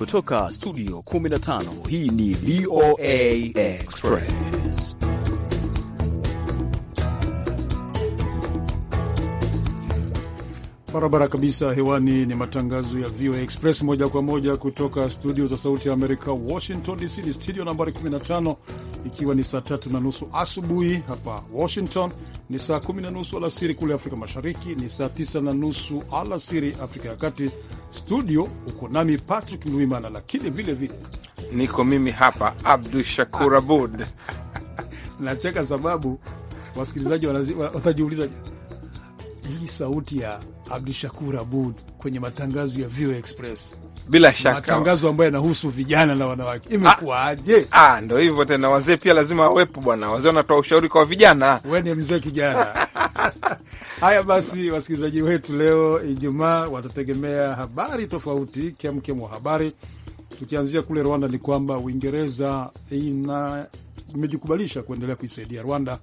kutoka studio 15 hii ni VOA Express. Barabara kabisa hewani ni matangazo ya VOA Express moja kwa moja kutoka studio za sauti ya Amerika, Washington DC. Ni studio nambari 15 ikiwa ni saa tatu na nusu asubuhi hapa Washington, ni saa kumi na nusu alasiri kule Afrika Mashariki, ni saa tisa na nusu alasiri Afrika ya Kati. Studio uko nami Patrick Ndwimana, lakini vilevile niko mimi hapa Abdu Shakur Abud. Nacheka sababu wasikilizaji watajiuliza hii sauti ya Abdu Shakur Abud kwenye matangazo ya VOA Express bila shaka matangazo ambayo yanahusu vijana na wanawake ah. imekuwaje? Ah, ndio hivyo tena, wazee pia lazima wawepo bwana. Wazee wanatoa ushauri kwa vijana, we ni mzee kijana. Haya basi, wasikilizaji wetu, leo Ijumaa watategemea habari tofauti, kemkem wa habari. Tukianzia kule Rwanda, ni kwamba Uingereza ina imejikubalisha kuendelea kuisaidia Rwanda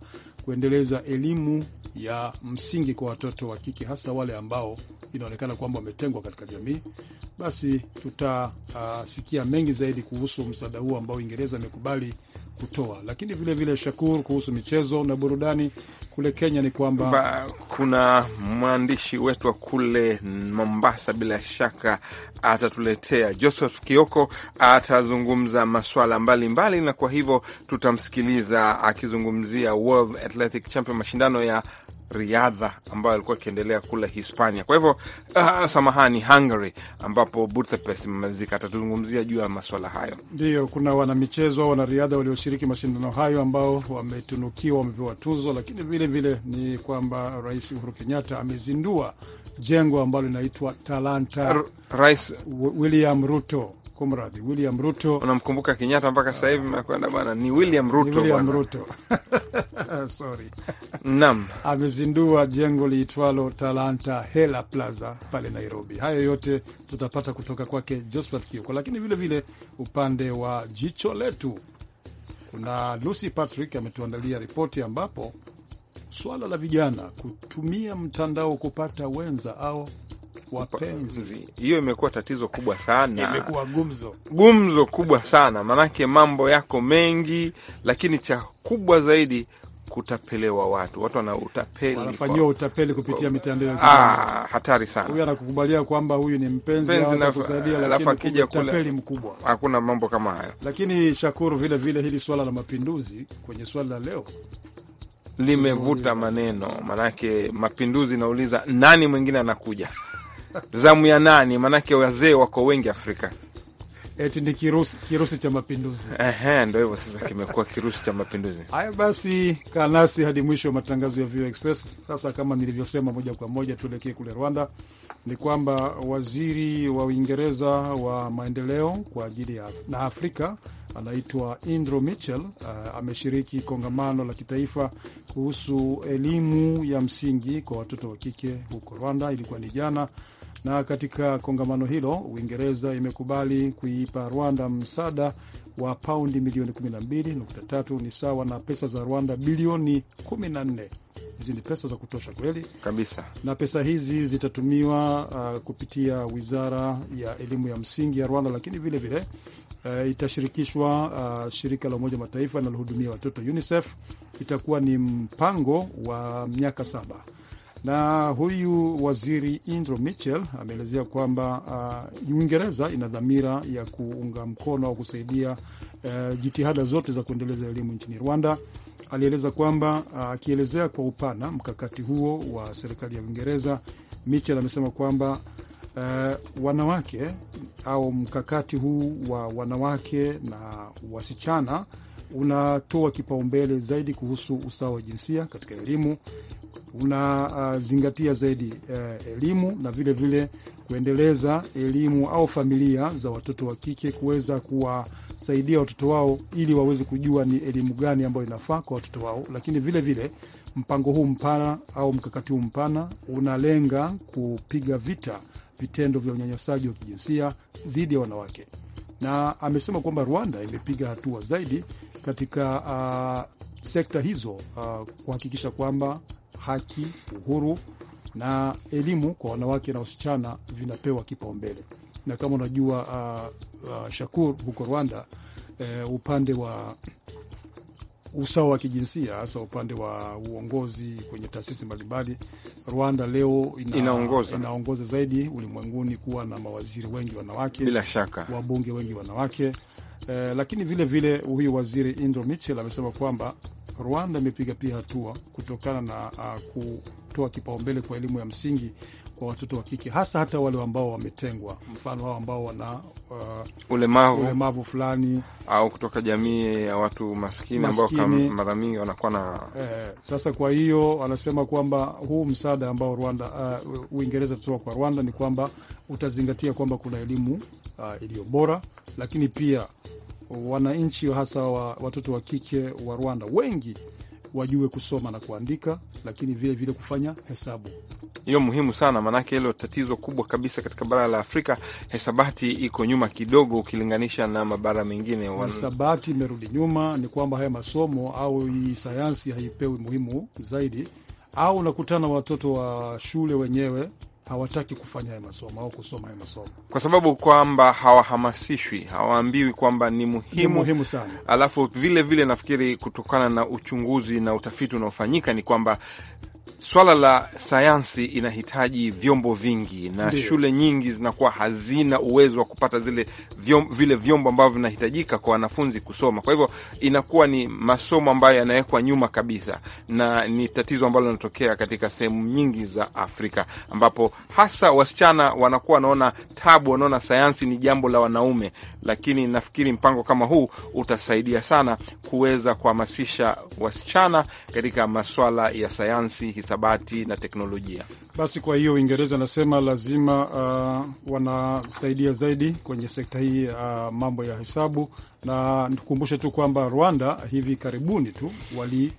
kuendeleza elimu ya msingi kwa watoto wa kike, hasa wale ambao inaonekana kwamba wametengwa katika jamii. Basi tutasikia ah, mengi zaidi kuhusu msaada huo ambao Uingereza imekubali kutoa. Lakini vilevile vile, Shakur, kuhusu michezo na burudani kule Kenya ni kwamba ba, kuna mwandishi wetu wa kule Mombasa, bila shaka atatuletea Joseph Kioko, atazungumza maswala mbalimbali mbali, na kwa hivyo tutamsikiliza akizungumzia World Athletic Champion mashindano ya riadha ambayo alikuwa akiendelea kule Hispania. Kwa hivyo uh, samahani, Hungary ambapo Budapest imemalizika. Atatuzungumzia juu ya maswala hayo. Ndiyo, kuna wanamichezo au wanariadha walioshiriki mashindano hayo ambao wametunukiwa, wamepewa tuzo, lakini vile vile ni kwamba Rais Uhuru Kenyatta amezindua jengo ambalo linaitwa Talanta R Rais William Ruto Kumradhi, William Ruto. Unamkumbuka Kenyatta mpaka sasa hivi, uh, mekwenda bana, ni William Ruto, ni William Ruto sorry nam amezindua jengo liitwalo Talanta Hela Plaza pale Nairobi. Hayo yote tutapata kutoka kwake Josphat Kioko, lakini vilevile upande wa jicho letu kuna Lucy Patrick ametuandalia ripoti ambapo swala la vijana kutumia mtandao kupata wenza au wapenzi, hiyo imekuwa tatizo kubwa sana, imekuwa gumzo, gumzo kubwa sana maanake mambo yako mengi, lakini cha kubwa zaidi kutapelewa watu, watu wana utapeli, wanafanyiwa utapeli kupitia mitandao ya ah, hatari sana. Huyu anakukubalia kwamba huyu ni mpenzi au kusaidia, lakini akija kule utapeli mkubwa, hakuna mambo kama hayo. Lakini Shakuru, vile vile hili swala la mapinduzi kwenye swala la leo limevuta maneno, manake mapinduzi, nauliza nani mwingine anakuja zamu ya nani? Manake wazee wako wengi Afrika eti ni kirusi, kirusi cha mapinduzi. Ehe, ndio hivyo sasa, kimekuwa kirusi cha mapinduzi. Haya basi, kaa nasi hadi mwisho wa matangazo ya VOA Express. Sasa kama nilivyosema, moja kwa moja tuelekee kule Rwanda. Ni kwamba waziri wa Uingereza wa maendeleo kwa ajili ya na Afrika anaitwa Indro Mitchell uh, ameshiriki kongamano la kitaifa kuhusu elimu ya msingi kwa watoto wa kike huko Rwanda. Ilikuwa ni jana na katika kongamano hilo Uingereza imekubali kuipa Rwanda msaada wa paundi milioni 12.3 ni sawa na pesa za Rwanda bilioni 14. Hizi ni pesa za kutosha kweli kabisa, na pesa hizi zitatumiwa uh, kupitia wizara ya elimu ya msingi ya Rwanda, lakini vilevile uh, itashirikishwa uh, shirika la Umoja Mataifa linalohudumia watoto UNICEF. Itakuwa ni mpango wa miaka saba. Na huyu waziri Indro Mitchell ameelezea kwamba uh, Uingereza ina dhamira ya kuunga mkono au kusaidia uh, jitihada zote za kuendeleza elimu nchini Rwanda. Alieleza kwamba uh, akielezea uh, kwa upana mkakati huo wa serikali ya Uingereza, Mitchell amesema kwamba uh, wanawake au mkakati huu wa wanawake na wasichana unatoa kipaumbele zaidi kuhusu usawa wa jinsia katika elimu, unazingatia uh, zaidi uh, elimu na vile vile kuendeleza elimu au familia za watoto wa kike kuweza kuwasaidia watoto wao ili waweze kujua ni elimu gani ambayo inafaa kwa watoto wao, lakini vile vile mpango huu mpana au mkakati huu mpana unalenga kupiga vita vitendo vya unyanyasaji wa kijinsia dhidi ya wanawake, na amesema kwamba Rwanda imepiga hatua zaidi katika uh, sekta hizo uh, kuhakikisha kwamba haki, uhuru na elimu kwa wanawake na wasichana vinapewa kipaumbele. Na kama unajua uh, uh, Shakur, huko Rwanda uh, upande wa usawa wa kijinsia hasa upande wa uongozi kwenye taasisi mbalimbali, Rwanda leo ina, inaongoza, inaongoza zaidi ulimwenguni kuwa na mawaziri wengi wanawake, bila shaka wabunge wengi wanawake eh, lakini vile vile huyu waziri Indro Michel amesema kwamba Rwanda imepiga pia hatua kutokana na uh, kutoa kipaumbele kwa elimu ya msingi kwa watoto wa kike hasa hata wale ambao wametengwa, mfano hao ambao wana uh, ulemavu, ulemavu fulani au kutoka jamii ya watu maskini, maskini ambao mara mingi wanakuwa na eh, sasa. Kwa hiyo anasema kwamba huu msaada ambao Rwanda uh, Uingereza utatoa kwa Rwanda ni kwamba utazingatia kwamba kuna elimu uh, iliyo bora, lakini pia wananchi hasa wa, watoto wa kike wa Rwanda wengi wajue kusoma na kuandika, lakini vile vile kufanya hesabu. Hiyo muhimu sana, maanake hilo tatizo kubwa kabisa katika bara la Afrika. Hesabati iko nyuma kidogo ukilinganisha na mabara mengine wan... hesabati imerudi nyuma. Ni kwamba haya masomo au hii sayansi haipewi muhimu zaidi, au unakutana watoto wa shule wenyewe hawataki kufanya haya masomo au kusoma haya masomo kwa sababu kwamba hawahamasishwi, hawaambiwi kwamba ni muhimu, ni muhimu sana. Alafu vile vile nafikiri kutokana na uchunguzi na utafiti unaofanyika ni kwamba swala la sayansi inahitaji vyombo vingi na Ndiyo. Shule nyingi zinakuwa hazina uwezo wa kupata zile vyom, vile vyombo ambavyo vinahitajika kwa wanafunzi kusoma. Kwa hivyo inakuwa ni masomo ambayo yanawekwa nyuma kabisa, na ni tatizo ambalo linatokea katika sehemu nyingi za Afrika, ambapo hasa wasichana wanakuwa wanaona tabu, wanaona sayansi ni jambo la wanaume. Lakini nafikiri mpango kama huu utasaidia sana kuweza kuhamasisha wasichana katika maswala ya sayansi, hisa hisabati na teknolojia. Basi kwa hiyo Uingereza anasema lazima uh, wanasaidia zaidi kwenye sekta hii uh, mambo ya hesabu, na nikukumbushe tu kwamba Rwanda hivi karibuni tu wali,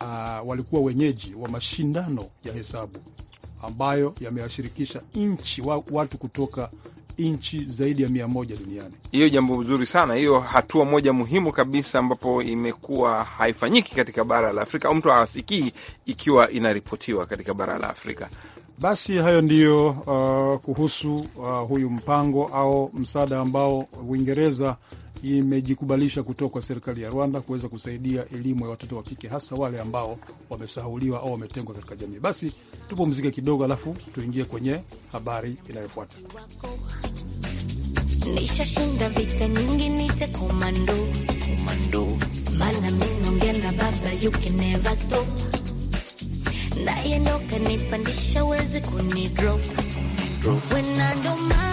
uh, walikuwa wenyeji wa mashindano ya hesabu ambayo yamewashirikisha nchi wa, watu kutoka nchi zaidi ya mia moja duniani. Hiyo jambo zuri sana, hiyo hatua moja muhimu kabisa, ambapo imekuwa haifanyiki katika bara la Afrika au mtu hawasikii ikiwa inaripotiwa katika bara la Afrika. Basi hayo ndiyo uh, kuhusu uh, huyu mpango au msaada ambao Uingereza imejikubalisha kutoka kwa serikali ya Rwanda kuweza kusaidia elimu ya watoto wa kike, hasa wale ambao wamesahauliwa au wametengwa katika jamii. Basi tupumzike kidogo, alafu tuingie kwenye habari inayofuata. Nishashinda vita nyingi, nite komando komando, maana mimi na baba, you can never stop, naye ndo kanipandisha, wezi kunidrop when I don't mind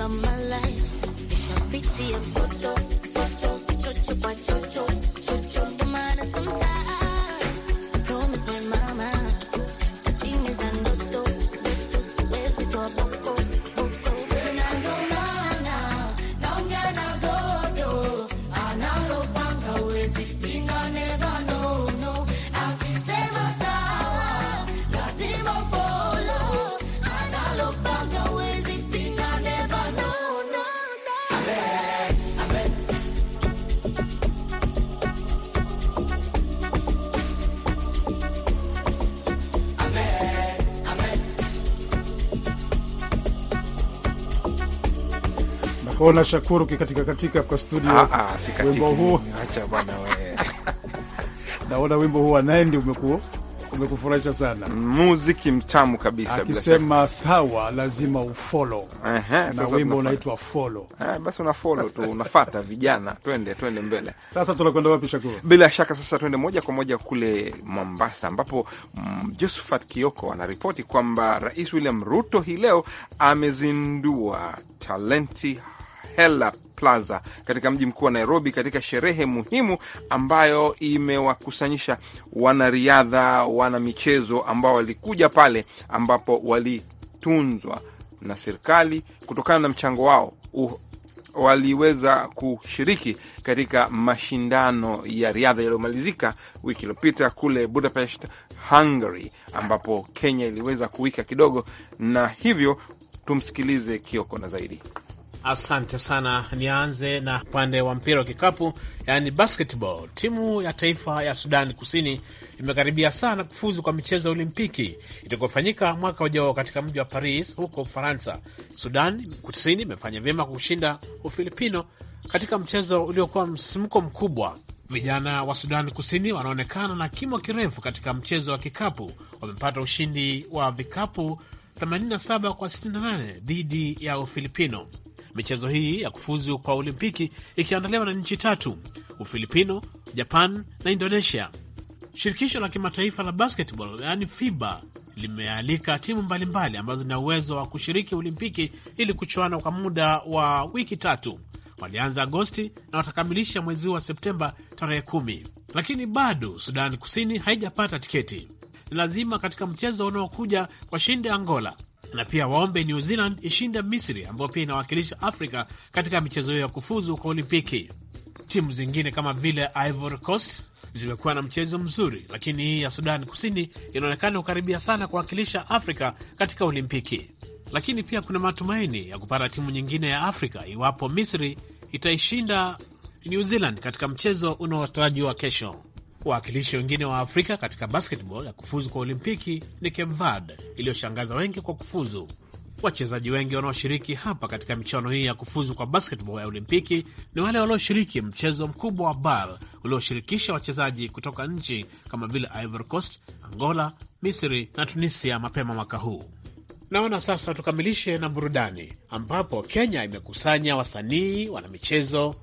of my life. it's a Kisha so mtoto mtoto kwa chocho Kwao na shakuru kikatika katika kwa studio. Ah, ah, sikatiki. Wimbo huu acha bwana wewe. Naona wimbo huu naye ndio umekuwa umekufurahisha sana. Muziki mtamu kabisa. bila. Akisema sawa, lazima ufollow. Aha, na wimbo unaitwa follow. Ah, basi una follow tu, unafuata vijana. Twende, twende mbele. Sasa tunakwenda wapi Shakuru? Bila shaka sasa twende moja kwa moja kule Mombasa ambapo mm, Josephat Kioko anaripoti kwamba Rais William Ruto hii leo amezindua talenti Hella Plaza katika mji mkuu wa Nairobi, katika sherehe muhimu ambayo imewakusanyisha wanariadha, wana michezo ambao walikuja pale ambapo walitunzwa na serikali kutokana na mchango wao uh, waliweza kushiriki katika mashindano ya riadha yaliyomalizika wiki iliyopita kule Budapest, Hungary, ambapo Kenya iliweza kuwika kidogo, na hivyo tumsikilize Kioko na zaidi. Asante sana. Nianze na upande wa mpira wa kikapu, yani basketball. Timu ya taifa ya Sudani Kusini imekaribia sana kufuzu kwa michezo ya Olimpiki itakayofanyika mwaka ujao katika mji wa Paris huko Ufaransa. Sudan Kusini imefanya vyema kushinda Ufilipino katika mchezo uliokuwa msisimko mkubwa. Vijana wa Sudani Kusini wanaonekana na kimo kirefu katika mchezo wa kikapu. Wamepata ushindi wa vikapu 87 kwa 68 dhidi ya Ufilipino. Michezo hii ya kufuzu kwa Olimpiki ikiandaliwa na nchi tatu: Ufilipino, Japan na Indonesia. Shirikisho la kimataifa la basketball yaani FIBA limealika timu mbalimbali mbali ambazo zina uwezo wa kushiriki Olimpiki ili kuchuana kwa muda wa wiki tatu. Walianza Agosti na watakamilisha mwezi huu wa Septemba tarehe kumi, lakini bado Sudani Kusini haijapata tiketi. Ni lazima katika mchezo unaokuja washinde Angola na pia waombe New Zealand ishinde Misri ambayo pia inawakilisha Afrika katika michezo hiyo ya kufuzu kwa Olimpiki. Timu zingine kama vile Ivory Coast zimekuwa na mchezo mzuri, lakini hii ya Sudani Kusini inaonekana kukaribia sana kuwakilisha Afrika katika Olimpiki. Lakini pia kuna matumaini ya kupata timu nyingine ya Afrika iwapo Misri itaishinda New Zealand katika mchezo unaotarajiwa kesho. Wawakilishi wengine wa Afrika katika basketball ya kufuzu kwa Olimpiki ni Cape Verde iliyoshangaza wengi kwa kufuzu. Wachezaji wengi wanaoshiriki hapa katika michuano hii ya kufuzu kwa basketball ya Olimpiki ni wale walioshiriki mchezo mkubwa wa BAL ulioshirikisha wachezaji kutoka nchi kama vile Ivory Coast, Angola, Misri na Tunisia mapema mwaka huu. Naona sasa tukamilishe na burudani, ambapo Kenya imekusanya wasanii, wanamichezo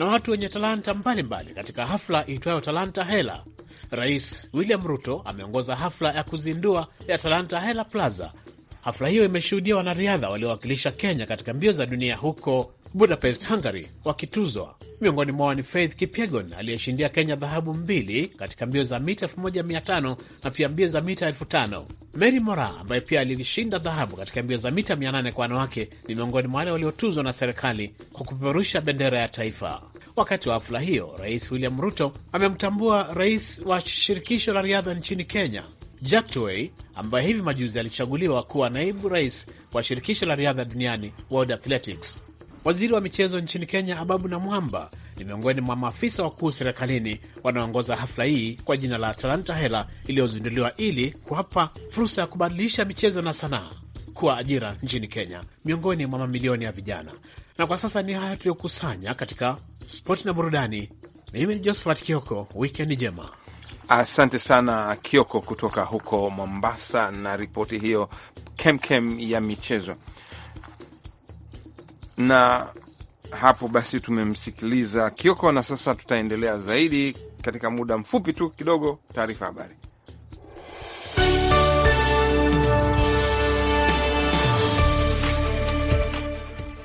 na watu wenye talanta mbalimbali katika hafla iitwayo Talanta Hela. Rais William Ruto ameongoza hafla ya kuzindua ya Talanta Hela Plaza. Hafla hiyo imeshuhudia wanariadha waliowakilisha Kenya katika mbio za dunia huko Budapest, Hungary, wakituzwa. Miongoni mwao ni Faith Kipyegon aliyeshindia Kenya dhahabu mbili katika mbio za mita 1500 na pia mbio za mita 5000. Mary Mora ambaye pia alishinda dhahabu katika mbio za mita 800 kwa wanawake ni miongoni mwa wale waliotuzwa na serikali kwa kupeperusha bendera ya taifa. Wakati wa hafla hiyo, Rais William Ruto amemtambua rais wa shirikisho la riadha nchini Kenya Jack Tuwei ambaye hivi majuzi alichaguliwa kuwa naibu rais wa shirikisho la riadha duniani World Athletics. Waziri wa michezo nchini Kenya Ababu na Mwamba ni miongoni mwa maafisa wakuu serikalini wanaoongoza hafla hii kwa jina la Talanta Hela iliyozinduliwa ili kuwapa fursa ya kubadilisha michezo na sanaa kuwa ajira nchini Kenya miongoni mwa mamilioni ya vijana. Na kwa sasa ni haya tuliyokusanya katika spoti na burudani. Mimi ni Josephat Kioko, wikendi njema. Asante sana Kioko kutoka huko Mombasa na ripoti hiyo kemkem kem ya michezo. Na hapo basi tumemsikiliza Kioko, na sasa tutaendelea zaidi katika muda mfupi tu kidogo, taarifa habari.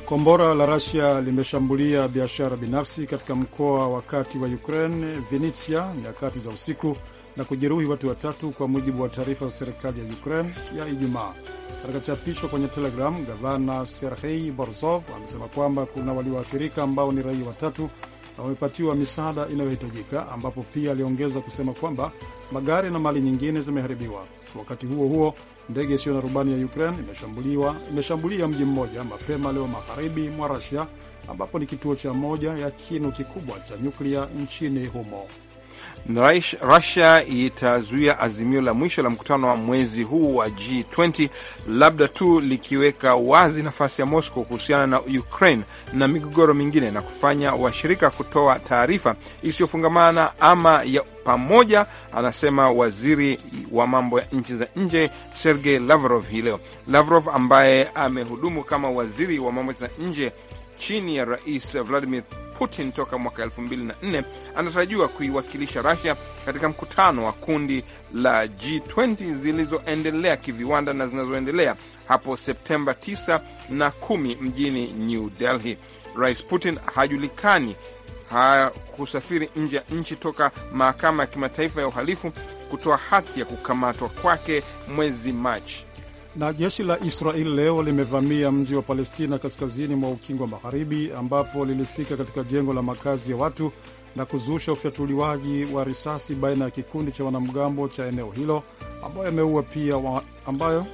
Kombora la Rasia limeshambulia biashara binafsi katika mkoa wa kati wa Ukraine, Vinitsia, nyakati za usiku na kujeruhi watu watatu, kwa mujibu wa taarifa za serikali ya Ukraine ya Ijumaa. Katika chapisho kwenye Telegram, gavana Serhei Borzov amesema kwamba kuna walioathirika ambao ni raia watatu na wamepatiwa misaada inayohitajika, ambapo pia aliongeza kusema kwamba magari na mali nyingine zimeharibiwa. Wakati huo huo, ndege isiyo na rubani ya Ukraine imeshambuliwa imeshambulia mji mmoja mapema leo magharibi mwa rasia ambapo ni kituo cha moja ya kinu kikubwa cha nyuklia nchini humo. Russia itazuia azimio la mwisho la mkutano wa mwezi huu wa G20, labda tu likiweka wazi nafasi ya Moscow kuhusiana na Ukraine na migogoro mingine, na kufanya washirika kutoa taarifa isiyofungamana ama ya pamoja, anasema waziri wa mambo ya nchi za nje Sergei Lavrov hii leo. Lavrov ambaye amehudumu kama waziri wa mambo za nje chini ya Rais Vladimir Putin toka mwaka 2004 anatarajiwa kuiwakilisha Rasia katika mkutano wa kundi la G20 zilizoendelea kiviwanda na zinazoendelea hapo Septemba 9 na 10 mjini New Delhi. Rais Putin hajulikani hakusafiri nje ya nchi toka mahakama ya kimataifa ya uhalifu kutoa hati ya kukamatwa kwake mwezi Machi. Na jeshi la Israel leo limevamia mji wa Palestina kaskazini mwa ukingo wa magharibi, ambapo lilifika katika jengo la makazi ya watu na kuzusha ufyatuliwaji wa risasi baina ya kikundi cha wanamgambo cha eneo hilo ambayo yameua pia,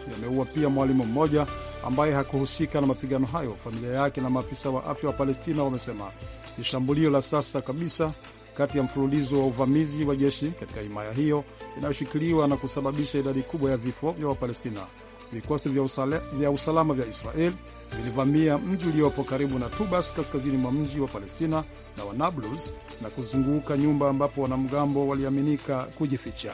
yameua pia mwalimu mmoja ambaye hakuhusika na mapigano hayo. Familia yake na maafisa wa afya wa Palestina wamesema ni shambulio la sasa kabisa kati ya mfululizo wa uvamizi wa jeshi katika himaya hiyo inayoshikiliwa na kusababisha idadi kubwa ya vifo vya Wapalestina vikosi vya, vya usalama vya Israel vilivamia mji uliopo karibu na Tubas kaskazini mwa mji wa Palestina na wa Nablus na kuzunguka nyumba ambapo wanamgambo waliaminika kujificha.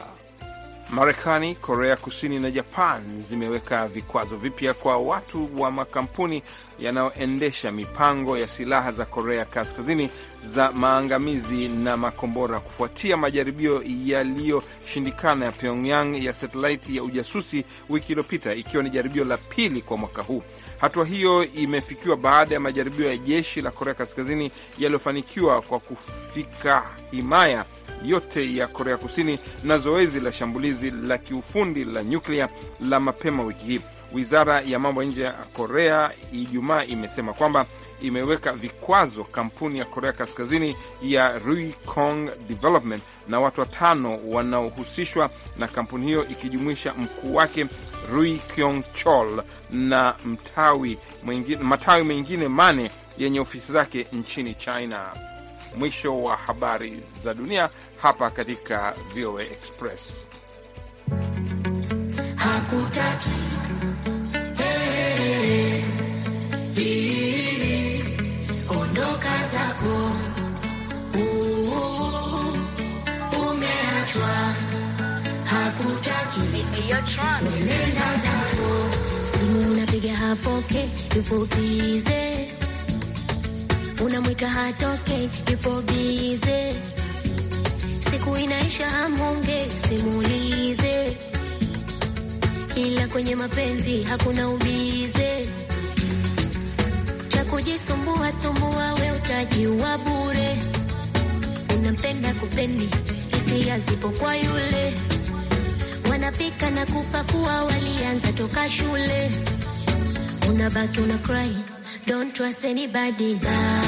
Marekani, Korea Kusini na Japan zimeweka vikwazo vipya kwa watu wa makampuni yanayoendesha mipango ya silaha za Korea Kaskazini za maangamizi na makombora kufuatia majaribio yaliyoshindikana ya Pyongyang ya satelaiti ya ujasusi wiki iliyopita, ikiwa ni jaribio la pili kwa mwaka huu. Hatua hiyo imefikiwa baada ya majaribio ya jeshi la Korea Kaskazini yaliyofanikiwa kwa kufika himaya yote ya Korea Kusini na zoezi la shambulizi la kiufundi la nyuklia la mapema wiki hii. Wizara ya mambo ya nje ya Korea Ijumaa imesema kwamba imeweka vikwazo kampuni ya Korea Kaskazini ya Ruikong Development na watu watano wanaohusishwa na kampuni hiyo ikijumuisha mkuu wake Rui Kyong Chol na mtawi mwingine, matawi mengine mane yenye ofisi zake nchini China mwisho wa habari za dunia hapa katika VOA Express. Hakutaki ondoka zako, unapiga hapoke tupukize unamwita hatoke, yupo bize, siku inaisha hamhonge, simulize ila kwenye mapenzi hakuna ubize, cha kujisumbua sumbua, we utajiwa bure, unampenda kupendi, hisia zipo kwa yule Napika na kupakua, walianza toka shule. Unabaki una cry, don't trust anybody. Ah.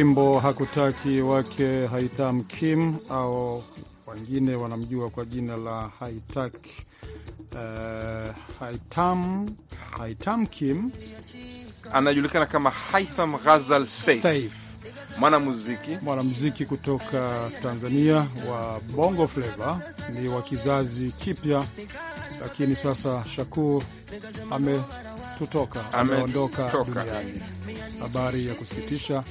Wimbo hakutaki wake Haitam Kim au wengine wanamjua kwa jina la Haitak, uh, Haitam, Haitam Kim anajulikana kama Haitham Ghazal Saif, Saif. Mwanamuziki mwanamuziki kutoka Tanzania wa Bongo Flava, ni wa kizazi kipya, lakini sasa Shakur ametutoka, ameondoka duniani. Habari ya kusikitisha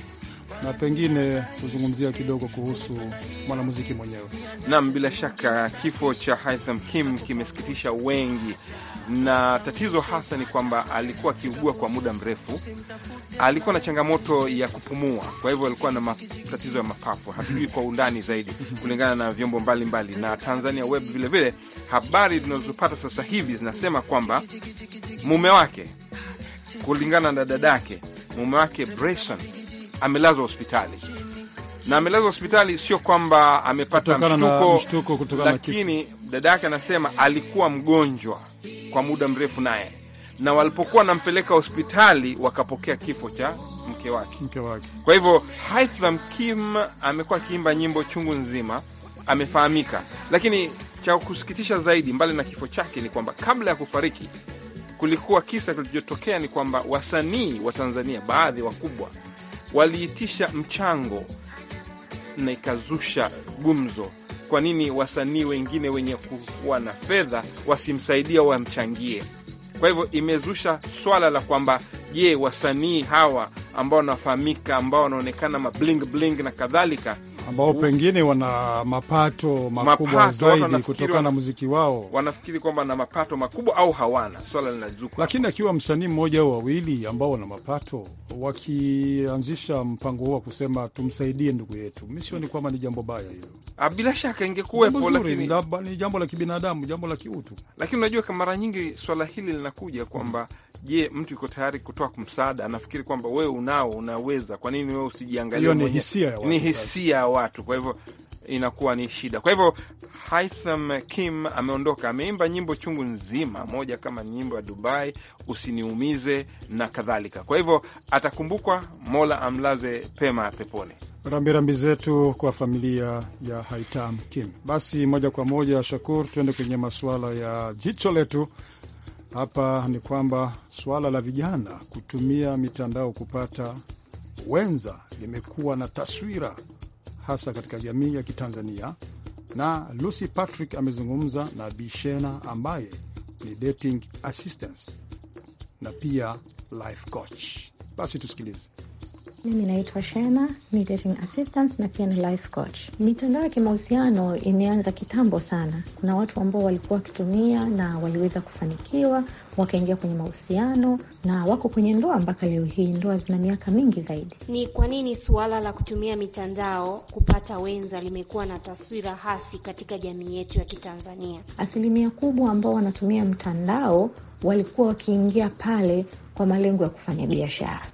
na pengine kuzungumzia kidogo kuhusu mwanamuziki mwenyewe. Naam, bila shaka kifo cha Haitham Kim kimesikitisha wengi, na tatizo hasa ni kwamba alikuwa akiugua kwa muda mrefu, alikuwa na changamoto ya kupumua, kwa hivyo alikuwa na matatizo ya mapafu. Hatujui kwa undani zaidi kulingana na vyombo mbalimbali mbali. na Tanzania Web vilevile, habari tunazopata sasa hivi zinasema kwamba mume wake, kulingana na dadake, mume wake Bryson amelazwa hospitali na amelazwa hospitali, sio kwamba amepata mshtuko, mshtuko, lakini dada yake anasema alikuwa mgonjwa kwa muda mrefu naye, na walipokuwa wanampeleka hospitali wakapokea kifo cha mke wake, mke wake. Kwa hivyo Haitham Kim amekuwa akiimba nyimbo chungu nzima, amefahamika. Lakini cha kusikitisha zaidi, mbali na kifo chake, ni kwamba kabla ya kufariki kulikuwa kisa kilichotokea, ni kwamba wasanii wa Tanzania baadhi wakubwa waliitisha mchango na ikazusha gumzo. Kwa nini wasanii wengine wenye kuwa na fedha wasimsaidia wamchangie? Kwa hivyo imezusha swala la kwamba je, wasanii hawa ambao wanafahamika, ambao wanaonekana mablingbling na kadhalika ambao pengine wana mapato makubwa mapato zaidi kutokana na muziki wao, wanafikiri kwamba na mapato makubwa au hawana swala linazuka. Lakini akiwa msanii mmoja au wawili ambao wana mapato wakianzisha mpango huo wa kusema tumsaidie ndugu yetu, mi sioni kwamba ni jambo baya hilo. Ah, bila shaka ingekuwepo, lakini ni jambo la kibinadamu, jambo la kiutu. Lakini unajua mara nyingi swala hili linakuja kwamba mm. Je, mtu yuko tayari kutoa msaada? Anafikiri kwamba wewe unao, unaweza. Kwa nini wewe usijiangalia? Ni hisia ya ni hisia ya watu, kwa hivyo inakuwa ni shida. Kwa hivyo Haitham Kim ameondoka, ameimba nyimbo chungu nzima, moja kama nyimbo ya Dubai, usiniumize na kadhalika. Kwa hivyo atakumbukwa, Mola amlaze pema peponi. Rambirambi zetu kwa familia ya Haitham Kim. Basi moja kwa moja, Shakur, tuende kwenye masuala ya jicho letu hapa ni kwamba suala la vijana kutumia mitandao kupata wenza limekuwa na taswira hasa katika jamii ya Kitanzania, na Lucy Patrick amezungumza na Bishena ambaye ni dating assistant na pia life coach. Basi tusikilize. Mimi naitwa Shena, ni dating assistant na pia ni life coach. Mitandao ya kimahusiano imeanza kitambo sana. Kuna watu ambao walikuwa wakitumia na waliweza kufanikiwa, wakaingia kwenye mahusiano na wako kwenye ndoa mpaka leo hii. Ndoa zina miaka mingi zaidi. Ni kwa nini suala la kutumia mitandao kupata wenza limekuwa na taswira hasi katika jamii yetu ya Kitanzania? Asilimia kubwa ambao wanatumia mtandao walikuwa wakiingia pale kwa malengo ya kufanya biashara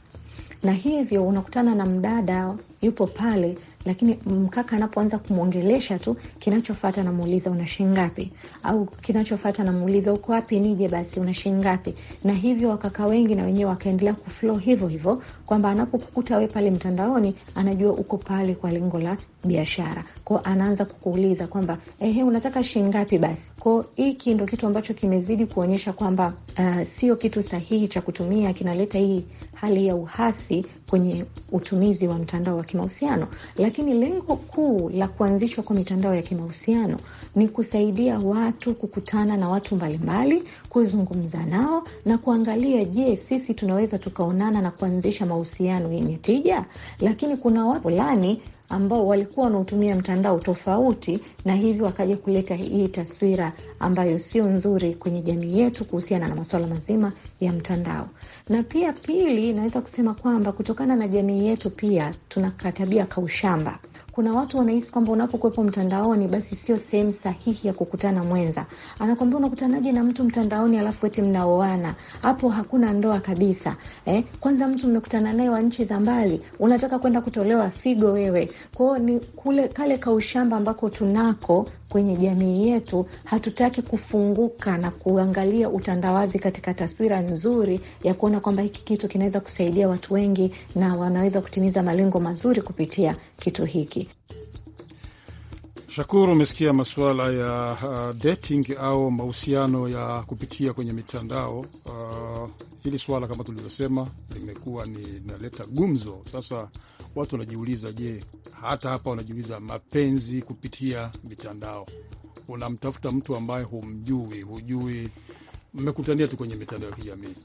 na hivyo unakutana na mdada yupo pale lakini mkaka anapoanza kumwongelesha tu, kinachofata namuuliza una shilingi ngapi, au kinachofata namuuliza uko wapi, nije basi, una shilingi ngapi? Na hivyo wakaka wengi na wenyewe wakaendelea kuflow hivyo hivyo, kwamba anapokukuta we pale mtandaoni anajua uko pale kwa lengo la biashara, kwao anaanza kukuuliza kwamba ehe, unataka shilingi ngapi? Basi kwao hiki ndo kitu ambacho kimezidi kuonyesha kwamba uh, sio kitu sahihi cha kutumia, kinaleta hii hali ya uhasi kwenye utumizi wa mtandao wa kimahusiano lakini lengo kuu la kuanzishwa kwa mitandao ya kimahusiano ni kusaidia watu kukutana na watu mbalimbali, kuzungumza nao na kuangalia, je, sisi tunaweza tukaonana na kuanzisha mahusiano yenye tija. Lakini kuna watu fulani ambao walikuwa wanautumia mtandao tofauti, na hivyo wakaja kuleta hii taswira ambayo sio nzuri kwenye jamii yetu kuhusiana na masuala mazima ya mtandao. Na pia pili, naweza kusema kwamba kutokana na jamii yetu pia tuna kaushamba kuna watu wanahisi kwamba unapokuwepo mtandaoni basi sio sehemu sahihi ya kukutana mwenza. Anakwambia unakutanaje na mtu mtandaoni alafu eti mnaoana? Hapo hakuna ndoa kabisa eh? Kwanza mtu mmekutana naye wa nchi za mbali, unataka kwenda kutolewa figo wewe? Kwao ni kule kale kaushamba ambako tunako kwenye jamii yetu, hatutaki kufunguka na kuangalia utandawazi katika taswira nzuri ya kuona kwamba hiki kitu kinaweza kusaidia watu wengi na wanaweza kutimiza malengo mazuri kupitia kitu hiki. Shakuru, umesikia masuala ya uh, dating au mahusiano ya kupitia kwenye mitandao uh, hili swala kama tulivyosema limekuwa ni naleta gumzo. Sasa watu wanajiuliza, je, hata hapa wanajiuliza mapenzi kupitia mitandao, unamtafuta mtu ambaye humjui, hujui, mmekutania tu kwenye mitandao ya kijamii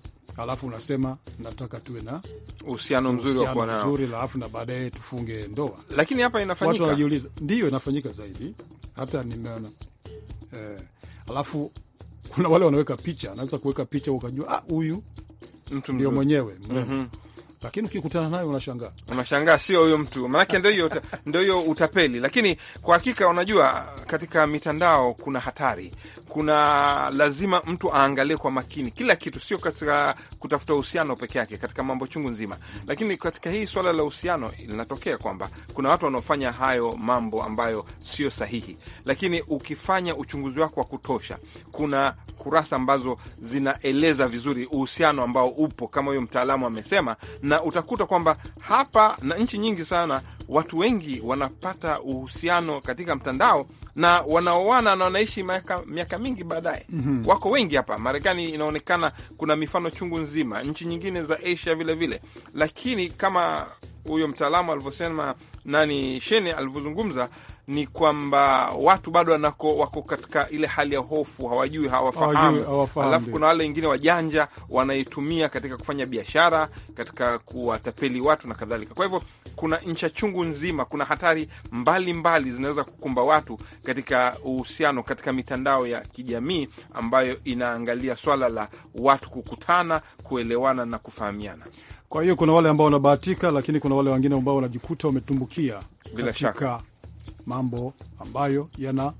alafu unasema nataka tuwe na uhusiano mzuri wa kuwa nao mzuri, alafu na baadaye tufunge ndoa. Lakini hapa inafanyika, watu wanajiuliza. Ndiyo, inafanyika zaidi, hata nimeona eh, alafu kuna wale wanaweka picha, anaweza kuweka picha ukajua, ah, huyu ndio mwenyewe mm -hmm lakini ukikutana naye unashangaa, unashangaa sio huyo mtu, maanake ndo hiyo ndo hiyo utapeli. Lakini kwa hakika, unajua katika mitandao kuna hatari, kuna lazima mtu aangalie kwa makini kila kitu, sio katika kutafuta uhusiano peke yake, katika mambo chungu nzima. Lakini katika hii swala la uhusiano linatokea kwamba kuna watu wanaofanya hayo mambo ambayo sio sahihi, lakini ukifanya uchunguzi wako wa kutosha, kuna kurasa ambazo zinaeleza vizuri uhusiano ambao upo, kama huyo mtaalamu amesema na utakuta kwamba hapa na nchi nyingi sana watu wengi wanapata uhusiano katika mtandao na wanaoana na wanaishi miaka, miaka mingi baadaye. mm -hmm. Wako wengi hapa Marekani, inaonekana kuna mifano chungu nzima, nchi nyingine za Asia vilevile vile. Lakini kama huyo mtaalamu alivyosema nani Shene alivyozungumza ni kwamba watu bado wanako wako katika ile hali ya hofu, hawajui, hawafahamu. Alafu kuna wale wengine wajanja wanaitumia katika kufanya biashara, katika kuwatapeli watu na kadhalika. Kwa hivyo kuna ncha chungu nzima, kuna hatari mbalimbali zinaweza kukumba watu katika uhusiano, katika mitandao ya kijamii ambayo inaangalia swala la watu kukutana, kuelewana na kufahamiana. Kwa hiyo kuna wale ambao wanabahatika, lakini kuna wale wengine ambao wanajikuta wametumbukia bila shaka mambo ambayo yana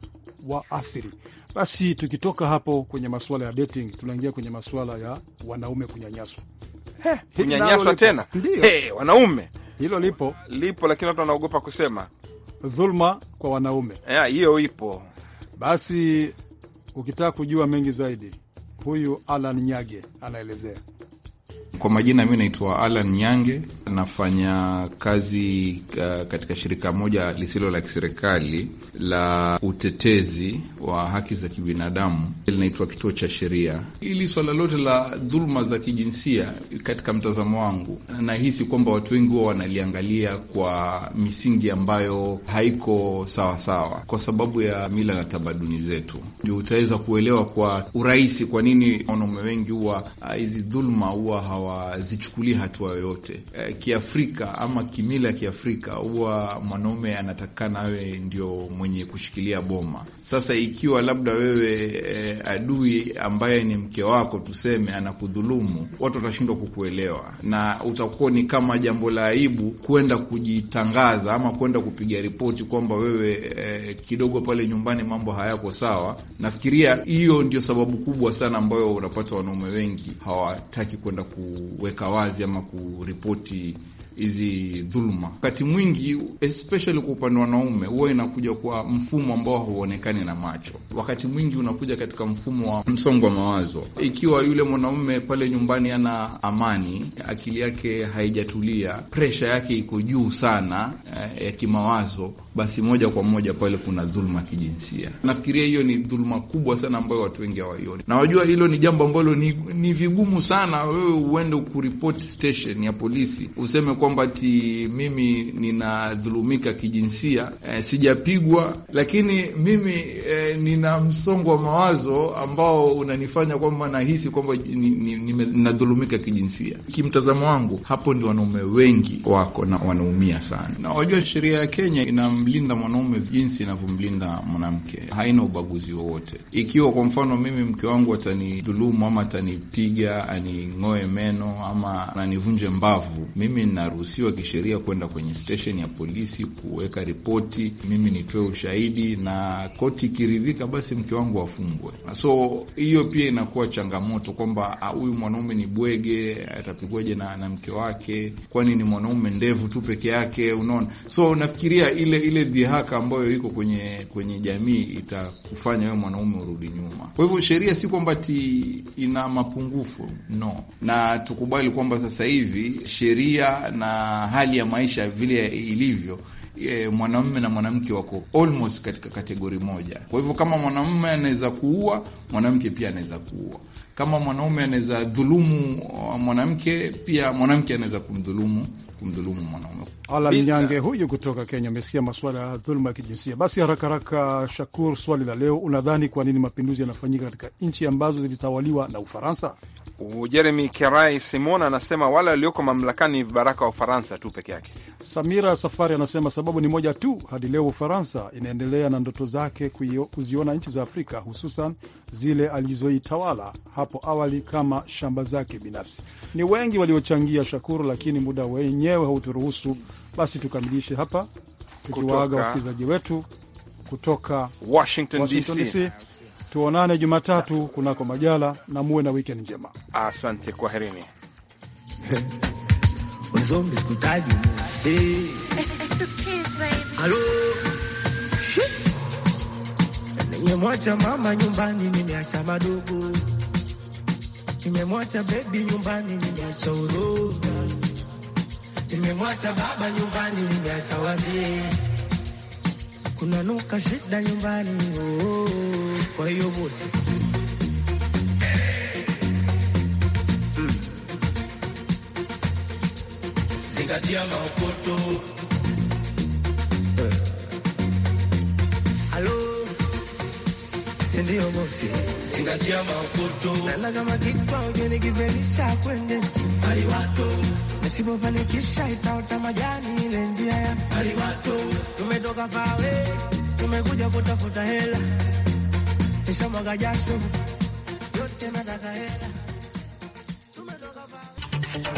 waathiri. Basi tukitoka hapo kwenye masuala ya dating, tunaingia kwenye masuala ya wanaume kunyanyaswa. Kunyanyaswa tena, hey, wanaume hilo lipo lipo, lakini watu wanaogopa kusema. Dhulma kwa wanaume hiyo, yeah, ipo. Basi ukitaka kujua mengi zaidi, huyu Alan Nyage anaelezea kwa majina mi naitwa Alan Nyange, nafanya kazi uh, katika shirika moja lisilo la kiserikali la utetezi wa haki za kibinadamu linaitwa Kituo cha Sheria. Hili swala lote la dhuluma za kijinsia, katika mtazamo wangu, nahisi kwamba watu wengi huwa wanaliangalia kwa misingi ambayo haiko sawasawa sawa, kwa sababu ya mila na tamaduni zetu, ndio utaweza kuelewa kwa urahisi kwa nini wanaume wengi huwa uh, hizi dhuluma huwa hawa hawazichukulii hatua yoyote. E, Kiafrika ama kimila Kiafrika huwa mwanaume anatakana awe ndio mwenye kushikilia boma. Sasa ikiwa labda wewe e, adui ambaye ni mke wako tuseme anakudhulumu, watu watashindwa kukuelewa na utakuwa ni kama jambo la aibu kwenda kujitangaza ama kwenda kupiga ripoti kwamba wewe e, kidogo pale nyumbani mambo hayako sawa. Nafikiria hiyo ndio sababu kubwa sana ambayo unapata wanaume wengi hawataki kwenda ku kuweka wazi ama kuripoti hizi dhuluma. Wakati mwingi especially kwa upande wa wanaume huwa inakuja kwa mfumo ambao hauonekani na macho. Wakati mwingi unakuja katika mfumo wa msongo wa mawazo. Ikiwa yule mwanaume pale nyumbani ana amani, akili yake haijatulia, presha yake iko juu sana eh, ya kimawazo, basi moja kwa moja pale kuna dhuluma kijinsia. Nafikiria hiyo ni dhuluma kubwa sana ambayo watu wengi hawaioni, na wajua hilo ni jambo ambalo ni, ni vigumu sana wewe uende ukuripoti station ya polisi useme kwa kwamba ti mimi ninadhulumika kijinsia e, sijapigwa, lakini mimi e, nina msongo wa mawazo ambao unanifanya kwamba nahisi kwamba ninadhulumika kijinsia. Kimtazamo wangu, hapo ndio wanaume wengi wako na wanaumia sana, na wajua sheria ya Kenya inamlinda mwanaume jinsi inavyomlinda mwanamke, haina ubaguzi wowote. Ikiwa kwa mfano mimi mke wangu atanidhulumu ama atanipiga, aning'oe meno ama ananivunje mbavu, mimi naru inaruhusiwa kisheria kwenda kwenye station ya polisi kuweka ripoti, mimi nitoe ushahidi, na koti ikiridhika, basi mke wangu afungwe. So hiyo pia inakuwa changamoto kwamba ah, huyu mwanaume ni bwege, atapigwaje na, na mke wake? Kwani ni mwanaume ndevu tu peke yake? Unaona, so nafikiria ile ile dhihaka ambayo iko kwenye kwenye jamii itakufanya wewe mwanaume urudi nyuma. Kwa hivyo sheria si kwamba ti ina mapungufu no, na tukubali kwamba sasa hivi sheria na hali ya maisha vile ilivyo E, mwanamume na mwanamke wako almost katika kategori moja. Kwa hivyo kama mwanamume anaweza kuua, mwanamke pia anaweza kuua. Kama mwanaume anaweza dhulumu uh, mwanamke, pia mwanamke anaweza kumdhulumu kumdhulumu mwanaume. Alan Nyange huyu kutoka Kenya amesikia masuala ya dhuluma ya kijinsia. Basi haraka haraka, Shakur, swali la leo, unadhani kwa nini mapinduzi yanafanyika katika nchi ambazo zilitawaliwa na Ufaransa? Jeremy Kerai Simon anasema wale walioko mamlakani ni vibaraka wa Ufaransa tu peke yake. Samira Safari anasema sababu ni moja tu, hadi leo Ufaransa inaendelea na ndoto zake kuziona nchi za Afrika, hususan zile alizoitawala hapo awali kama shamba zake binafsi. Ni wengi waliochangia, Shakuru, lakini muda wenyewe hauturuhusu, basi tukamilishe hapa tukiwaaga wasikilizaji wetu kutoka Washington, Washington DC. Tuonane Jumatatu kunako majala, na muwe na wikendi njema. Asante, kwaherini. Nimemwacha mama nyumbani, nimeacha madogo, nimemwacha bebi nyumbani, nimeacha uroga, nimemwacha baba nyumbani, nimeacha wazee, kuna nuka shida nyumbani oh. Kwa hiyo hmm. eh. bosi zingatia maokoto Halo, sindio bosi, zingatia maokoto nana kama kikwaje nikivelisha kwende aliwato nisipofanikisha itaota majani ile njia ya aliwato tumetoka fawe tumekuja kutafuta hela Y somos gallazos. Yo te mando a caer.